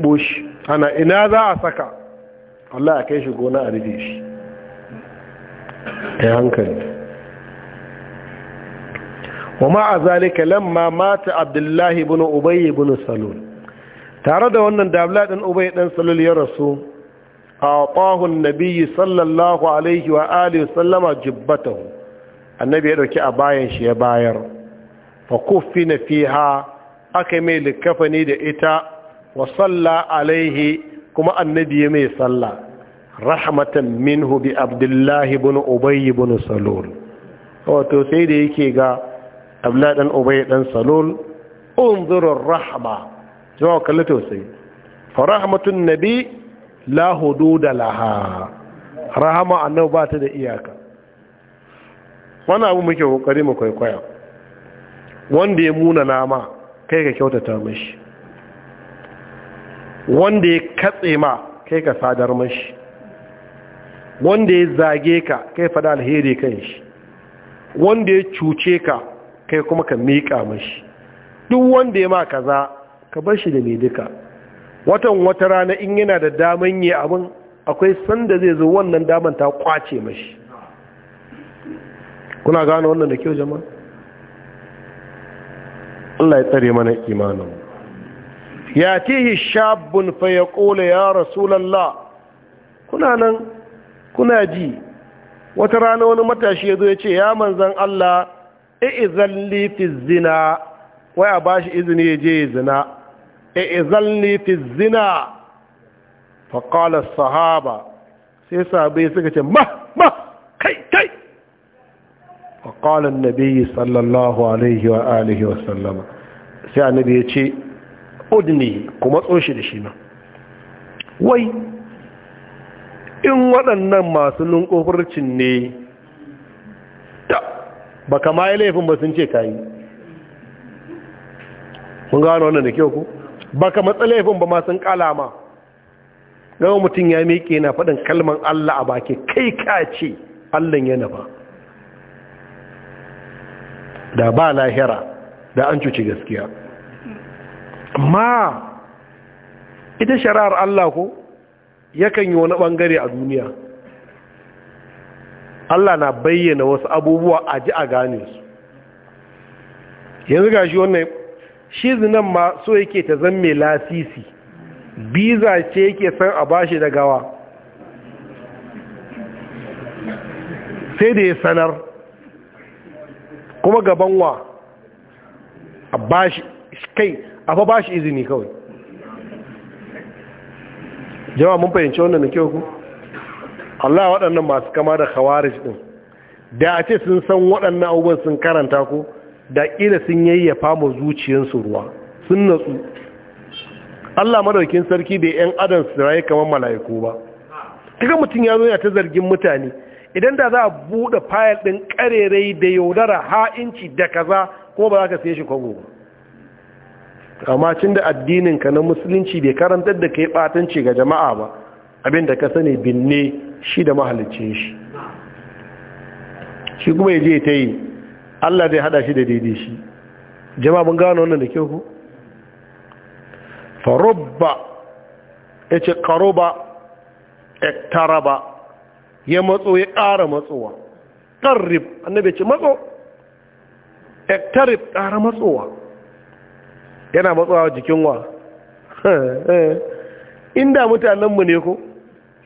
ana ina za a saka Allah a kai shi gona a rufe shi ta hankali wa ma'a zalika lamma mata abdullahi ibn ubayy ibn salul tare da wannan dabla din ubay ɗin salul ya rasu aqahu an-nabiy sallallahu alayhi wa alihi sallama jibbatahu annabi ya ɗauki a bayan shi ya bayar fa kuffina fiha aka mai likafani da ita wa salla kuma annabi ya mai sallah rahmatan minhu bi abdullahi ibn ubay ibn salul wato sai da yake ga abdullahi dan ubay dan salul unzurur rahma jama'a kalli tausayi fa rahmatun nabi la hududa laha rahama annabi ba ta da iyaka wani abu muke kokari mu kwaikwaya wanda ya muna nama kai ka kyautata mashi wanda ya katse ma kai ka sadar mashi wanda ya zage ka kai fada alheri kan shi wanda ya cuce ka kai kuma ka miƙa mashi duk wanda ya ma kaza ka bar shi da mai duka watan wata rana in yana da daman yi abin akwai sanda zai zo wannan daman ta kwace mashi kuna gano wannan da kyau jama'a Allah ya tsare mana imanin mu yatihi shabun fa yaqulu ya rasulullah kuna nan kuna ji wata rana wani matashi ya zo ya ce ya manzan Allah i'izalli fi zina waya ba shi izini ya je zina i'izalli fi zina fa sahaba sai sahabbai suka ce ma ma kai kai fa qala an-nabi sallallahu alaihi wa alihi wa sallama sai annabi ya ce udni kuma tsoshi da shi nan wai in waɗannan masu lunƙofurcin ne ta ba kama yi laifin ba sun ce ka yi mun gano wannan da kyau ku ba ka matsa laifin ba masu kalama mutum ya miƙe na faɗin kalman Allah a baki kai ka ce Allah yana ba da ba lahira da an cuci gaskiya amma ita shari'ar Allah ko yakan yi wani bangare a duniya Allah na bayyana wasu abubuwa a ji a gane su yanzu ga shi wannan shi zinan ma so yake ta zan mai lasisi biza ce yake san a bashi da gawa sai da ya sanar kuma gabanwa a bashi kai Afa ba shi izini kawai Jam'a mun fahimci wannan da kyau ku Allah waɗannan masu kama da khawarij din da a ce sun san waɗannan abubuwan sun karanta ku da ƙila sun yayyafa mu zuciyarsu ruwa sun natsu Allah madaukin sarki bai yan adam su raye kamar mala'iku ba kaga mutum ya zo ya ta zargin mutane idan da za a buɗe fayil ɗin ƙarerai da yaudara ha'inci da kaza ko ba za ka siye shi kwango ba amma cin da addininka na musulunci bai karantar da ka yi batanci ga jama'a ba abin da ka sani binne shi da mahalicin shi shi kuma ya ta yi allah zai hada shi da daidai shi jama'a mun gano wannan da kyau ku farubba ya ce karuba ektaraba ya matso ya ƙara matsowa ƙarrib annabi ce matso ektarib ƙara matsowa yana matsawa jikin wa inda mutanen mu ne ko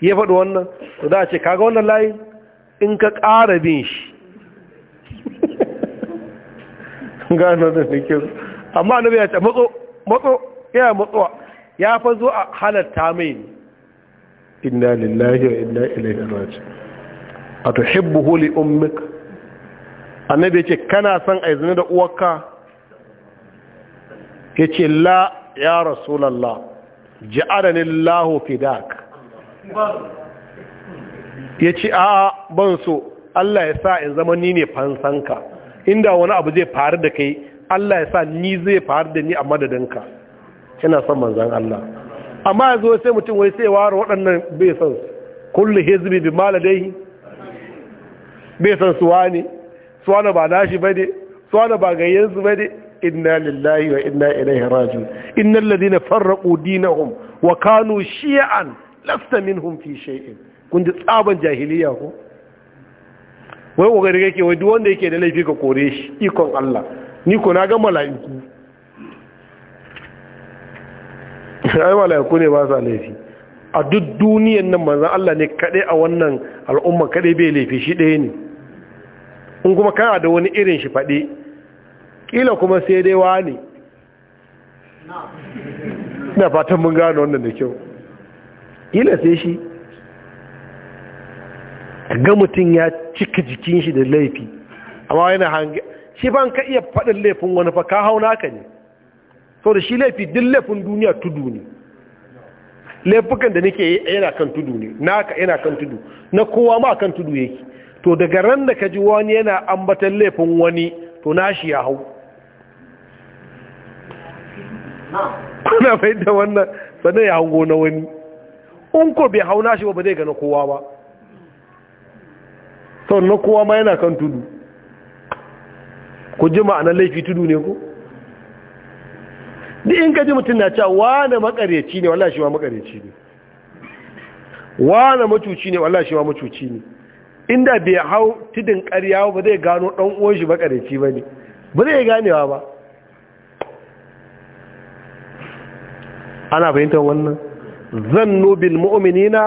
ya faɗi wannan to za a ce kaga wannan layi in ka ƙara bin shi gano da nake amma na biya ce matso matso ya matsowa ya fa zo a halatta mai ne inna lillahi wa inna ilaihi raji a tuhibbuhu huli ummik annabi ya ce kana son aizini da uwarka ya ce la ya rasulallah ji'adanin lahu fidak ya ce a ban so Allah ya sa in zama ni ne fansanka inda wani abu zai faru da kai Allah ya sa ni zai faru da ni a madadinka yana son manzan Allah amma ya zo sai mutum wai sai waru waɗannan bai san su kullu hizbi bi maladai bai san suwa ne suwa ba nashi bane suwa ba gayyansu bane inna lillahi wa inna ilaihi raji'un innal ladina farraqu dinahum wa kanu shi'an lasta minhum fi shay'in kun ji tsaban jahiliya ko wai kokari kake wai duk wanda yake da laifi ka kore shi ikon Allah ni ko na ga mala'iku ai mala'iku ne ba sa laifi a duk duniyar nan manzon Allah ne kaɗai a wannan al'umma kaɗai bai laifi shi ɗaya ne in kuma kana da wani irin shi faɗi kila kuma sai dai wani na fatan mun gano wannan da kyau kila sai shi ga mutum ya cika jikin shi da laifi amma yana hangi shi ban ka iya faɗin laifin wani fa ka hauna ka ne so da shi laifi duk laifin duniya tudu ne laifukan da nake yana kan tudu ne naka yana kan tudu na kowa ma kan tudu yake to daga ran da ka ji wani yana ambatan laifin wani to nashi ya hau kuna fahimta wannan sannan ya hango na wani in ko bai hauna shi ba zai gani kowa ba sau na kowa ma yana kan tudu ku ji ma'anar laifi tudu ne ku Ni in ka ji mutum na cewa wane makareci ne wallah shi ma makareci ne wane macuci ne wallah shi ma macuci ne inda bai hau tudun karya ba zai gano ɗan uwan shi makareci ba ne ba zai ganewa ba ana fahimtar wannan zannu bil mu'minina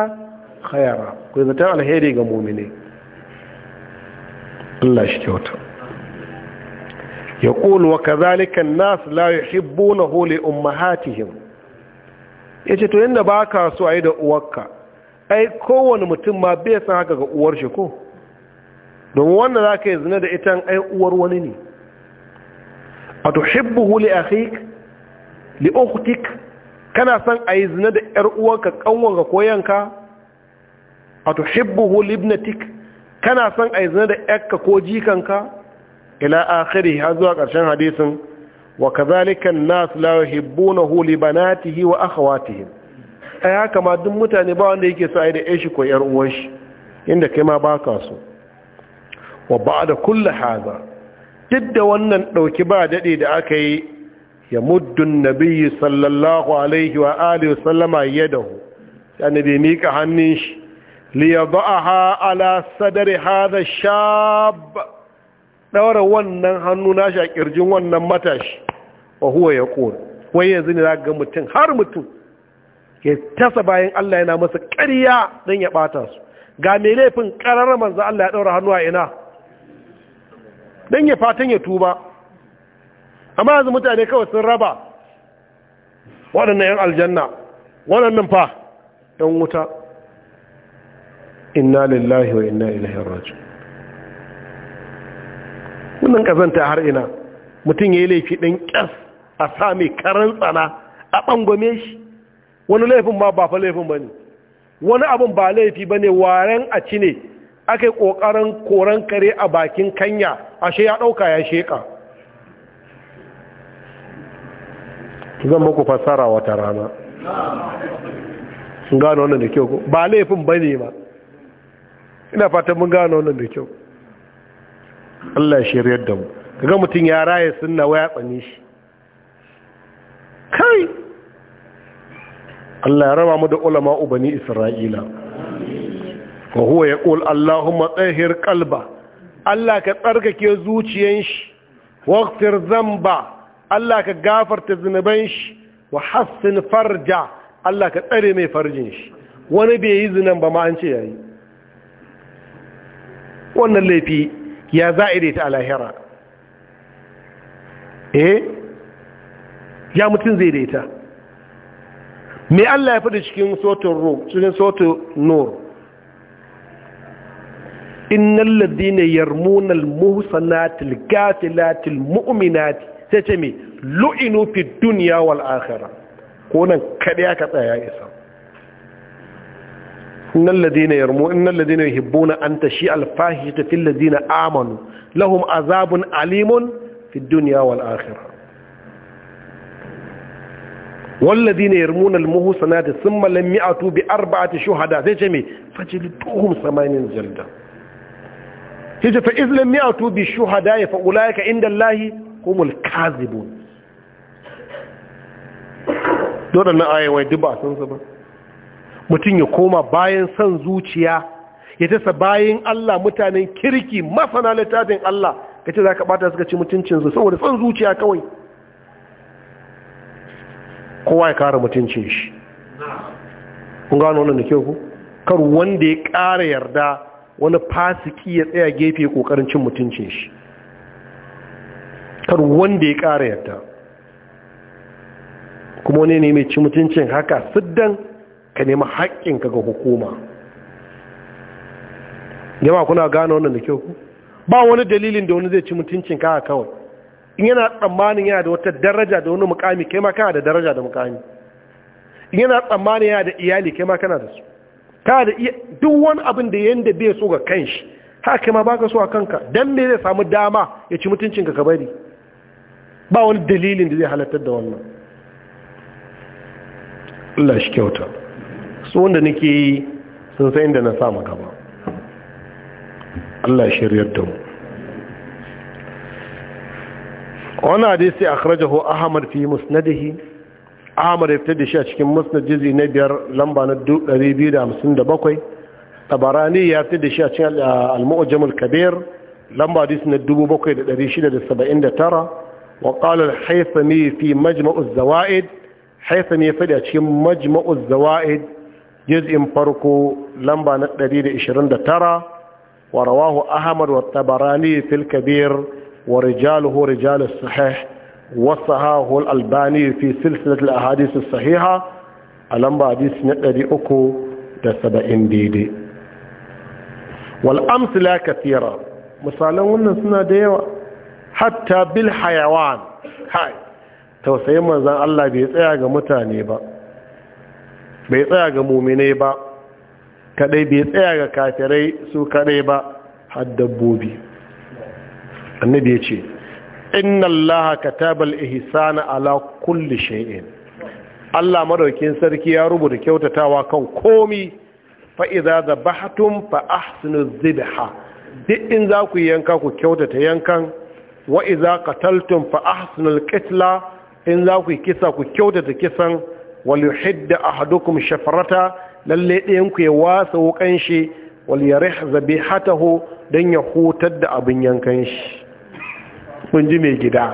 khayara ku zata alheri ga mu'mini Allah shi kyauta yaqul wa kadhalika an-nas la yuhibbunahu li ummahatihim yace to ba baka so ayi da uwarka ai kowane mutum ma bai san haka ga uwar shi ko Don wanda zaka yi zina da ita ai uwar wani ne A atuhibbuhu li akhik li ukhtik kana son a yi zina da ‘yar uwanka ƙanwanka ko yanka a tuhibbuhu libnatik kana son a yi zina da ‘yarka ko jikanka ila akhiri har zuwa karshen hadisin wa kazalika nas la yuhibbunahu li banatihi wa akhawatihi ai haka ma duk mutane ba wanda yake so da ƴashi ko ƴar uwan shi inda kai ma baka so wa ba'da kulli hadha duk da wannan dauki ba dade da aka yi ya muddun nabiyyi sallallahu alaihi wa alihi sallama yadahu annabi mika hannun shi li ha ala sadari hadha shab daura wannan hannu nashi a kirjin wannan matashi wa huwa yaqul wai yanzu ne zaga ga mutum har mutum ke tasa bayan Allah yana masa ƙarya dan ya ɓata su ga mai laifin ƙarar manzo Allah ya daura hannu a ina dan ya fatan ya tuba amma yanzu mutane kawai sun raba waɗannan yan aljanna waɗannan fa ɗan wuta inna lillahi wa inna ilaihi raju wannan kazanta har ina mutum ya yi laifi ɗin ƙyas a sami karan tsana a ɓangome shi wani laifin ma ba fa laifin ba ne wani abin ba laifi ba ne waren a ci ne aka yi ƙoƙarin koren kare a bakin kanya ashe ya ɗauka ya sheƙa zan muku fassara wata rana sun gano wannan da kyau ba laifin ba ne ba ina fatan mun gano wannan da kyau Allah shirya da mu ga mutum ya raye na waya tsani shi kai Allah ya rama mu da ulama ubani Isra'ila wa huwa yaqul Allahumma tsahir kalba Allah ka tsarkake zuciyan shi waqtir zamba Allah ka gafarta zunuban shi wa hassin farja Allah ka tsare mai farjin shi wani bai yi zinan ba ma an ce yayi wannan laifi ya za'ire ta alahira eh ya mutum zai daita me Allah ya fada cikin sautin ro cikin sautin nur innal ladina yarmuna al muhsanati al gafilati al mu'minati sai ce mai lu'inu fi duniya wal akhirah ko nan kada ka tsaya isa innal ladina yarmu innal ladina yuhibbuna an tashi al fahishata fil ladina amanu lahum azabun alimun fi dunya wal akhirah wal ladina yarmuna al muhsanati thumma lam ya'tu bi arba'ati shuhada sai ce me fajliduhum samanin jalda sai ce fa iz lam ya'tu bi shuhada fa ulaika inda allahi humul kazibun dole na ayyawai duba sun su ba mutum ya koma bayan son zuciya ya dasa bayan Allah mutanen kirki masana littafin Allah ka ce za ka bata suka ci mutuncinsu saboda son zuciya kawai kowa ya kara mutuncin shi kun gano wannan da kyau ku kar wanda ya ƙara yarda wani fasiki ya tsaya gefe kokarin cin mutuncin shi kar wanda ya ƙara yadda kuma wani ne mai ci mutuncin haka siddan ka nemi haƙƙinka ga hukuma yawa kuna gano wannan da kyau ku ba wani dalilin da wani zai ci mutuncin ka kawai in yana tsammanin yana da wata daraja da wani mukami kai ma kana da daraja da mukami in yana tsammanin yana da iyali kai ma kana da su kana da duk wani abin da yanda bai so ga kanshi haka ma baka so a kanka dan me zai samu dama ya ci mutuncin ka ka bari ba wani dalilin da zai halatta da wannan Allah shi kyauta su wanda nake yi sun san inda na samu gaba Allah shiryar da mu wani hadisi a kharajahu ahmad fi musnadihi ahmad ya fitar da shi a cikin musnadizi na biyar lamba na 257 tabarani ya fitar da shi a cikin al-mu'jamul kabir lamba hadisi na 7679 وقال الحيثمي في مجمع الزوائد حيثمي في مجمع الزوائد جزء فرقو لمبا إشرند ترى ورواه أحمد والطبراني في الكبير ورجاله رجال الصحيح وصحاه الألباني في سلسلة الأحاديث الصحيحة ألمبا حديث نقري أكو تسبع ديدي والأمثلة كثيرة مثالا قلنا سنة ديوة hatta bil hayawan kai tausayin manzan Allah bai tsaya ga mutane ba bai tsaya ga muminai ba kadai bai tsaya ga kafirai su kadai ba har dabbobi annabi ya ce inna allaha katabal ihsana ala kulli shay'in Allah madaukin sarki ya rubuta kyautatawa kan komi fa idza dhabahatum fa ahsinu dhibha duk in za ku yanka ku kyautata yankan wa iza qataltum fa ahsinul qitla in za ku kisa ku kyautata kisan wal yuhidda ahadukum shafarata, lalle ɗayan ku ya wasa wukan shi wal yarih zabihatahu dan ya hutar da abin yankan shi kun ji mai gida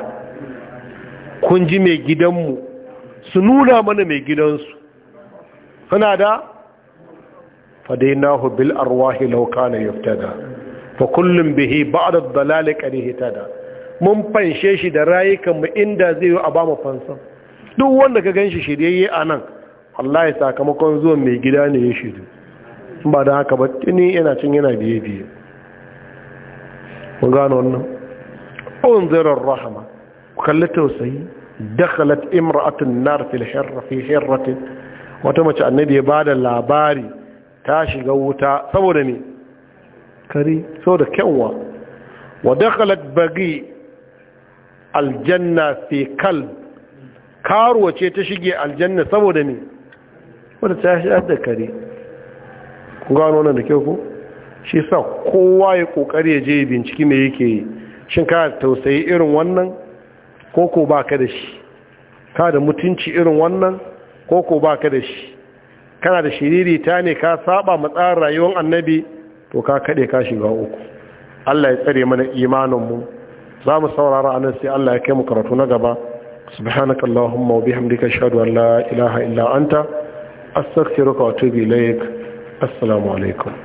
kun ji mai gidanmu su nuna mana mai gidansu suna da fadainahu bil arwahi law kana yuftada fa kullum bihi ba'da dalali dalal qad mun fanshe shi da rayukanmu inda zai yi a ba mu fansa duk wanda ka ganshi shi shiryayye a nan Allah ya sakamakon zuwa mai gida ne ya shiru ba da haka ba tuni yana cin yana biye biye mun gano wannan unzirar rahama ku kalli tausayi dakhalat imra'atun nar fil hirra fi hirratin wata mace annabi ya bada labari ta shiga wuta saboda ne kari saboda kyanwa wa dakhalat bagi aljanna fi kal karuwa ce ta shige aljanna saboda ne wadda ta shi da kare gano wannan da kyau ku shi sa kowa ya kokari ya je binciki me yake yi shin ka tausayi irin wannan ko ba ka da shi ka da mutunci irin wannan ko ba ka da shi kana da shiririta ne ka saba matsayin rayuwar annabi to ka kade ka shiga uku Allah ya tsare mana imanin mu. za mu saurara a nan sai Allah ya kai mu karatu na gaba subhanaka allahumma wa bihamdika ashhadu an la ilaha illa anta astaghfiruka wa atubu ilaik assalamu alaikum